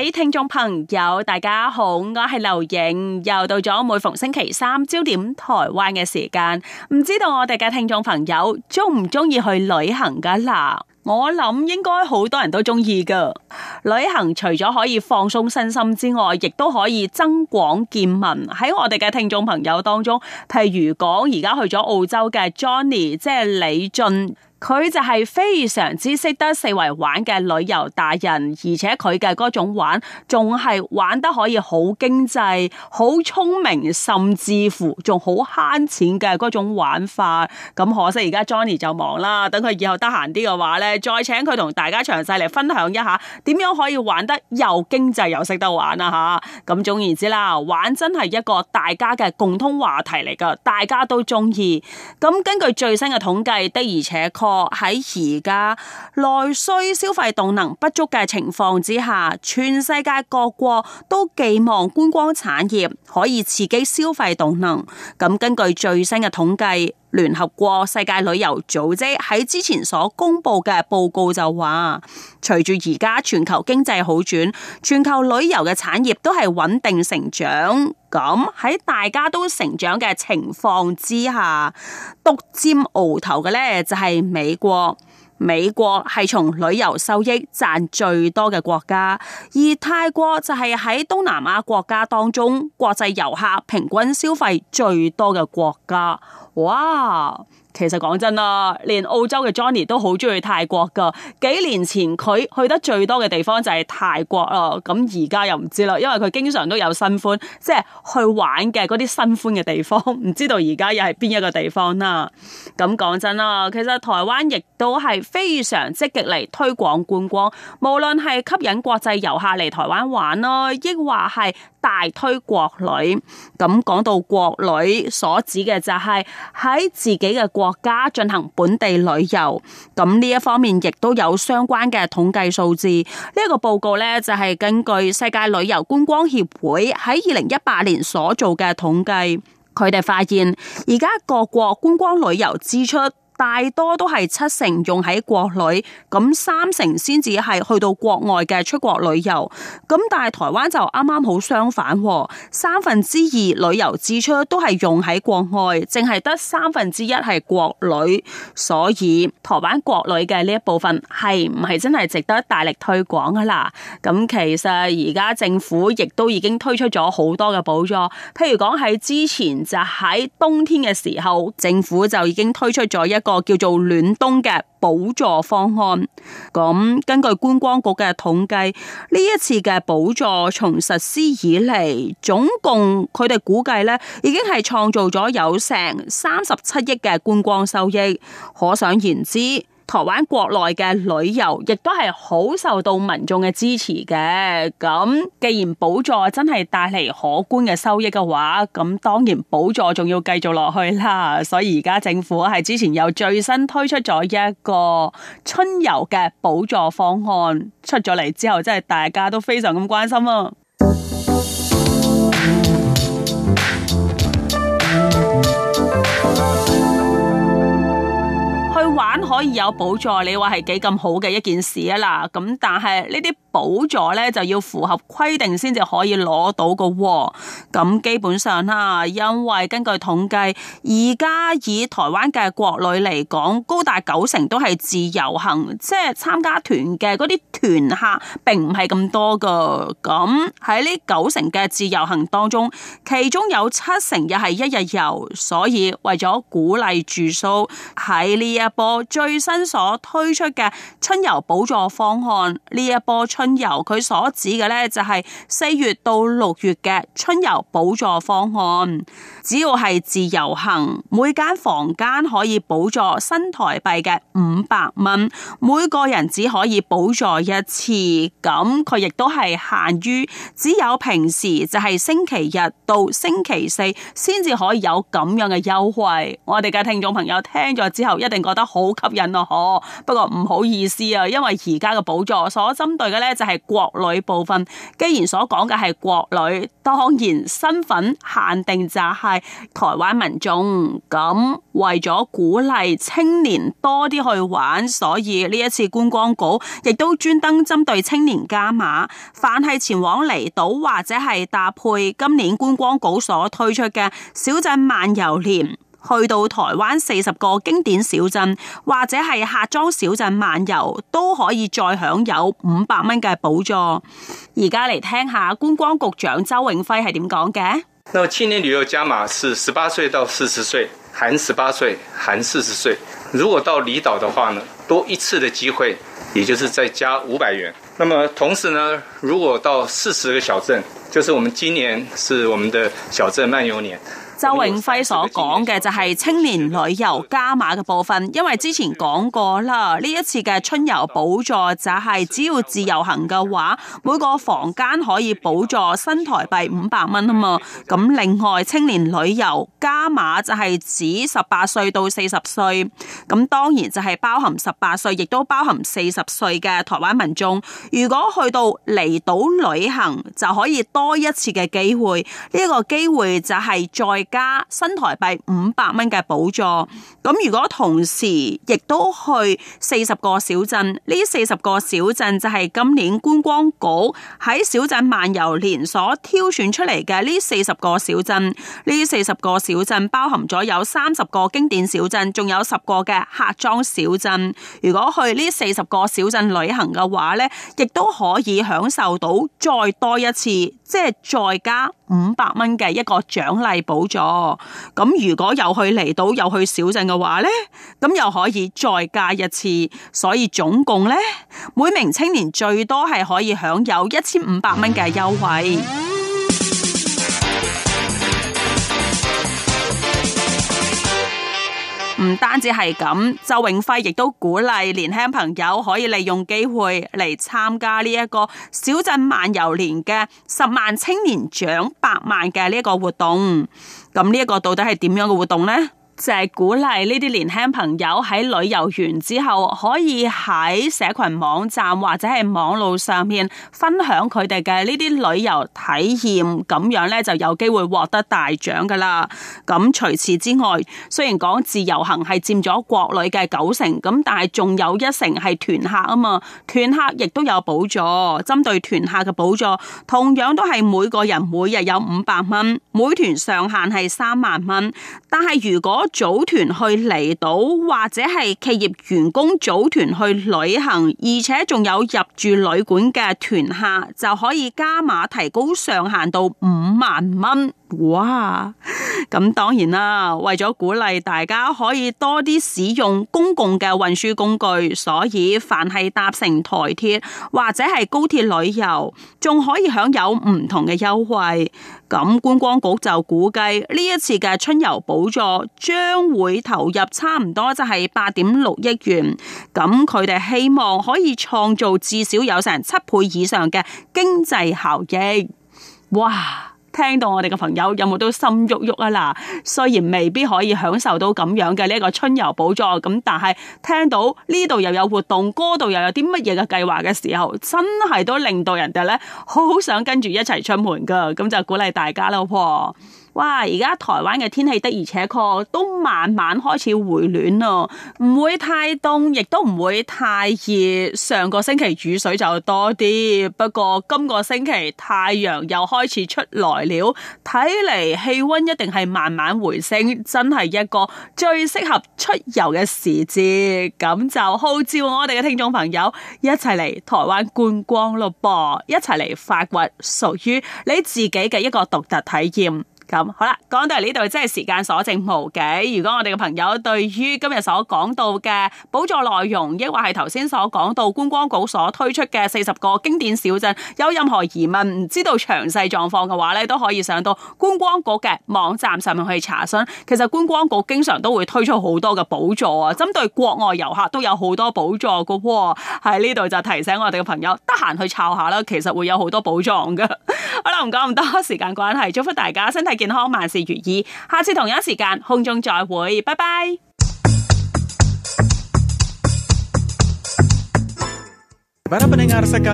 各位聽眾朋友大家好，我係劉瑩，又到咗每逢星期三焦點台灣嘅時間，唔知道我哋嘅聽眾朋友鍾唔鍾意去旅行噶啦？我諗應該好多人都中意噶旅行，除咗可以放鬆身心之外，亦都可以增廣見聞。喺我哋嘅聽眾朋友當中，譬如講而家去咗澳洲嘅 Johnny，即係李俊，佢就係非常之識得四圍玩嘅旅遊達人，而且佢嘅嗰種玩仲係玩得可以好經濟、好聰明，甚至乎仲好慳錢嘅嗰種玩法。咁可惜而家 Johnny 就忙啦，等佢以後得閒啲嘅話咧。再請佢同大家詳細嚟分享一下點樣可以玩得又經濟又識得玩呀吓！咁總言之啦，玩真係一個大家嘅共通話題嚟㗎，大家都鍾意。咁根據最新嘅統計，的而且確喺而家內需消費動能不足嘅情況之下，全世界各國都寄望觀光產業可以刺激消費動能。咁根據最新嘅統計。聯合國世界旅遊組織喺之前所公布嘅報告就話，隨住而家全球經濟好轉，全球旅遊嘅產業都係穩定成長。咁喺大家都成長嘅情況之下，獨占鰲頭嘅呢就係、是、美國。美國係從旅遊收益賺最多嘅國家，而泰國就係喺東南亞國家當中，國際遊客平均消費最多嘅國家。哇！其實講真啦，連澳洲嘅 Johnny 都好中意泰國噶。幾年前佢去得最多嘅地方就係泰國啦。咁而家又唔知啦，因為佢經常都有新歡，即係去玩嘅嗰啲新歡嘅地方，唔知道而家又係邊一個地方啦。咁講真啦，其實台灣亦都係非常積極嚟推廣觀光，無論係吸引國際遊客嚟台灣玩啦，亦話係大推國旅。咁講到國旅，所指嘅就係喺自己嘅國家進行本地旅遊，咁呢一方面亦都有相關嘅統計數字。呢、這、一個報告呢，就係根據世界旅遊觀光協會喺二零一八年所做嘅統計，佢哋發現而家各國觀光旅遊支出。大多都係七成用喺國旅，咁三成先至係去到國外嘅出國旅遊，咁但係台灣就啱啱好相反哦，三分之二旅遊支出都係用喺國外，淨係得三分之一係國旅。所以台灣國旅嘅呢一部分係唔係真係值得大力推廣噶啦？咁其實而家政府亦都已經推出咗好多嘅補助，譬如講喺之前就喺冬天嘅時候，政府就已經推出咗一個。個叫做暖冬嘅補助方案，咁根據觀光局嘅統計，呢一次嘅補助從實施以嚟，總共佢哋估計呢，已經係創造咗有成三十七億嘅觀光收益，可想而知。台灣國內嘅旅遊亦都係好受到民眾嘅支持嘅，咁既然補助真係帶嚟可觀嘅收益嘅話，咁當然補助仲要繼續落去啦。所以而家政府係之前又最新推出咗一個春遊嘅補助方案出咗嚟之後，真係大家都非常咁關心啊！可以有補助，你話，係幾咁好嘅一件事啊啦，咁但係，呢啲。補助咧就要符合規定先至可以攞到嘅喎。哦，咁基本上啦，因為根據統計，而家以台灣嘅國旅嚟講，高達九成都係自由行，即係參加團嘅嗰啲團客並唔係咁多㗎。咁喺呢九成嘅自由行當中，其中有七成又係一日遊，所以為咗鼓勵住宿，喺呢一波最新所推出嘅春遊補助方案，呢一波。春遊佢所指嘅咧就係四月到六月嘅春遊補助方案，只要係自由行，每間房間可以補助新台幣嘅五百蚊，每個人只可以補助一次。咁佢亦都係限於只有平時就係星期日到星期四先至可以有咁樣嘅優惠。我哋嘅聽眾朋友聽咗之後一定覺得好吸引咯，嗬。不過唔好意思啊，因為而家嘅補助所針對嘅咧。就係國旅部分，既然所講嘅係國旅，當然身份限定就係台灣民眾。咁為咗鼓勵青年多啲去玩，所以呢一次觀光局亦都專登針對青年加碼，凡係前往離島或者係搭配今年觀光局所推出嘅小鎮漫遊年。去到台灣四十個經典小鎮或者係客莊小鎮漫遊，都可以再享有五百蚊嘅補助。而家嚟聽下觀光局長周永輝係點講嘅。那麼青年旅遊加碼是十八歲到四十歲，含十八歲，含四十歲。如果到離島的話呢，多一次的機會，也就是再加五百元。那麼同時呢，如果到四十個小鎮，就是我們今年是我們的小鎮漫遊年。周永輝所講嘅就係青年旅遊加碼嘅部分，因為之前講過啦，呢一次嘅春遊補助就係只要自由行嘅話，每個房間可以補助新台幣五百蚊啊嘛。咁另外青年旅遊加碼就係指十八歲到四十歲，咁當然就係包含十八歲亦都包含四十歲嘅台灣民眾，如果去到離島旅行，就可以多一次嘅機會，呢個機會就係再。加新台幣五百蚊嘅補助，咁如果同時亦都去四十個小鎮，呢四十個小鎮就係今年觀光局喺小鎮漫遊年所挑選出嚟嘅呢四十個小鎮。呢四十個小鎮包含咗有三十個經典小鎮，仲有十個嘅客莊小鎮。如果去呢四十個小鎮旅行嘅話呢亦都可以享受到再多一次。即係再加五百蚊嘅一個獎勵補助，咁如果又去離島又去小鎮嘅話呢，咁又可以再加一次，所以總共呢，每名青年最多係可以享有一千五百蚊嘅優惠。唔單止係咁，周永輝亦都鼓勵年輕朋友可以利用機會嚟參加呢一個小鎮漫遊年嘅十萬青年獎百萬嘅呢一個活動。咁呢一個到底係點樣嘅活動呢？就係鼓勵呢啲年輕朋友喺旅遊完之後，可以喺社群網站或者係網路上面分享佢哋嘅呢啲旅遊體驗，咁樣咧就有機會獲得大獎噶啦。咁除此之外，雖然講自由行係佔咗國旅嘅九成，咁但係仲有一成係團客啊嘛。團客亦都有補助，針對團客嘅補助，同樣都係每個人每日有五百蚊，每團上限係三萬蚊。但係如果組團去離島或者係企業員工組團去旅行，而且仲有入住旅館嘅團客，就可以加碼提高上限到五萬蚊。哇！咁當然啦，為咗鼓勵大家可以多啲使用公共嘅運輸工具，所以凡係搭乘台鐵或者係高鐵旅遊，仲可以享有唔同嘅優惠。咁觀光局就估計呢一次嘅春遊補助將會投入差唔多就係八點六億元。咁佢哋希望可以創造至少有成七倍以上嘅經濟效益。哇！聽到我哋嘅朋友有冇都心喐喐啊啦？雖然未必可以享受到咁樣嘅呢一個春遊補助，咁但係聽到呢度又有活動，嗰度又有啲乜嘢嘅計劃嘅時候，真係都令到人哋咧，好想跟住一齊出門噶，咁就鼓勵大家啦噃。哇！而家台灣嘅天氣的而且確都慢慢開始回暖咯，唔會太凍，亦都唔會太熱。上個星期雨水就多啲，不過今個星期太陽又開始出來了，睇嚟氣溫一定係慢慢回升，真係一個最適合出遊嘅時節。咁就號召我哋嘅聽眾朋友一齊嚟台灣觀光咯噃！一齊嚟發掘屬於你自己嘅一個獨特體驗。咁好啦，講到嚟呢度，真係時間所剩無幾。如果我哋嘅朋友對於今日所講到嘅補助內容，亦或係頭先所講到觀光局所推出嘅四十個經典小鎮，有任何疑問，唔知道詳細狀況嘅話呢，都可以上到觀光局嘅網站上面去查詢。其實觀光局經常都會推出好多嘅補助啊，針對國外遊客都有好多補助㗎喎。喺呢度就提醒我哋嘅朋友，得閒去抄下啦，其實會有好多補助㗎。好啦，唔講咁多，時間關係，祝福大家身體健康，萬事如意。下次同樣時間空中再會，拜拜。不如俾我食架。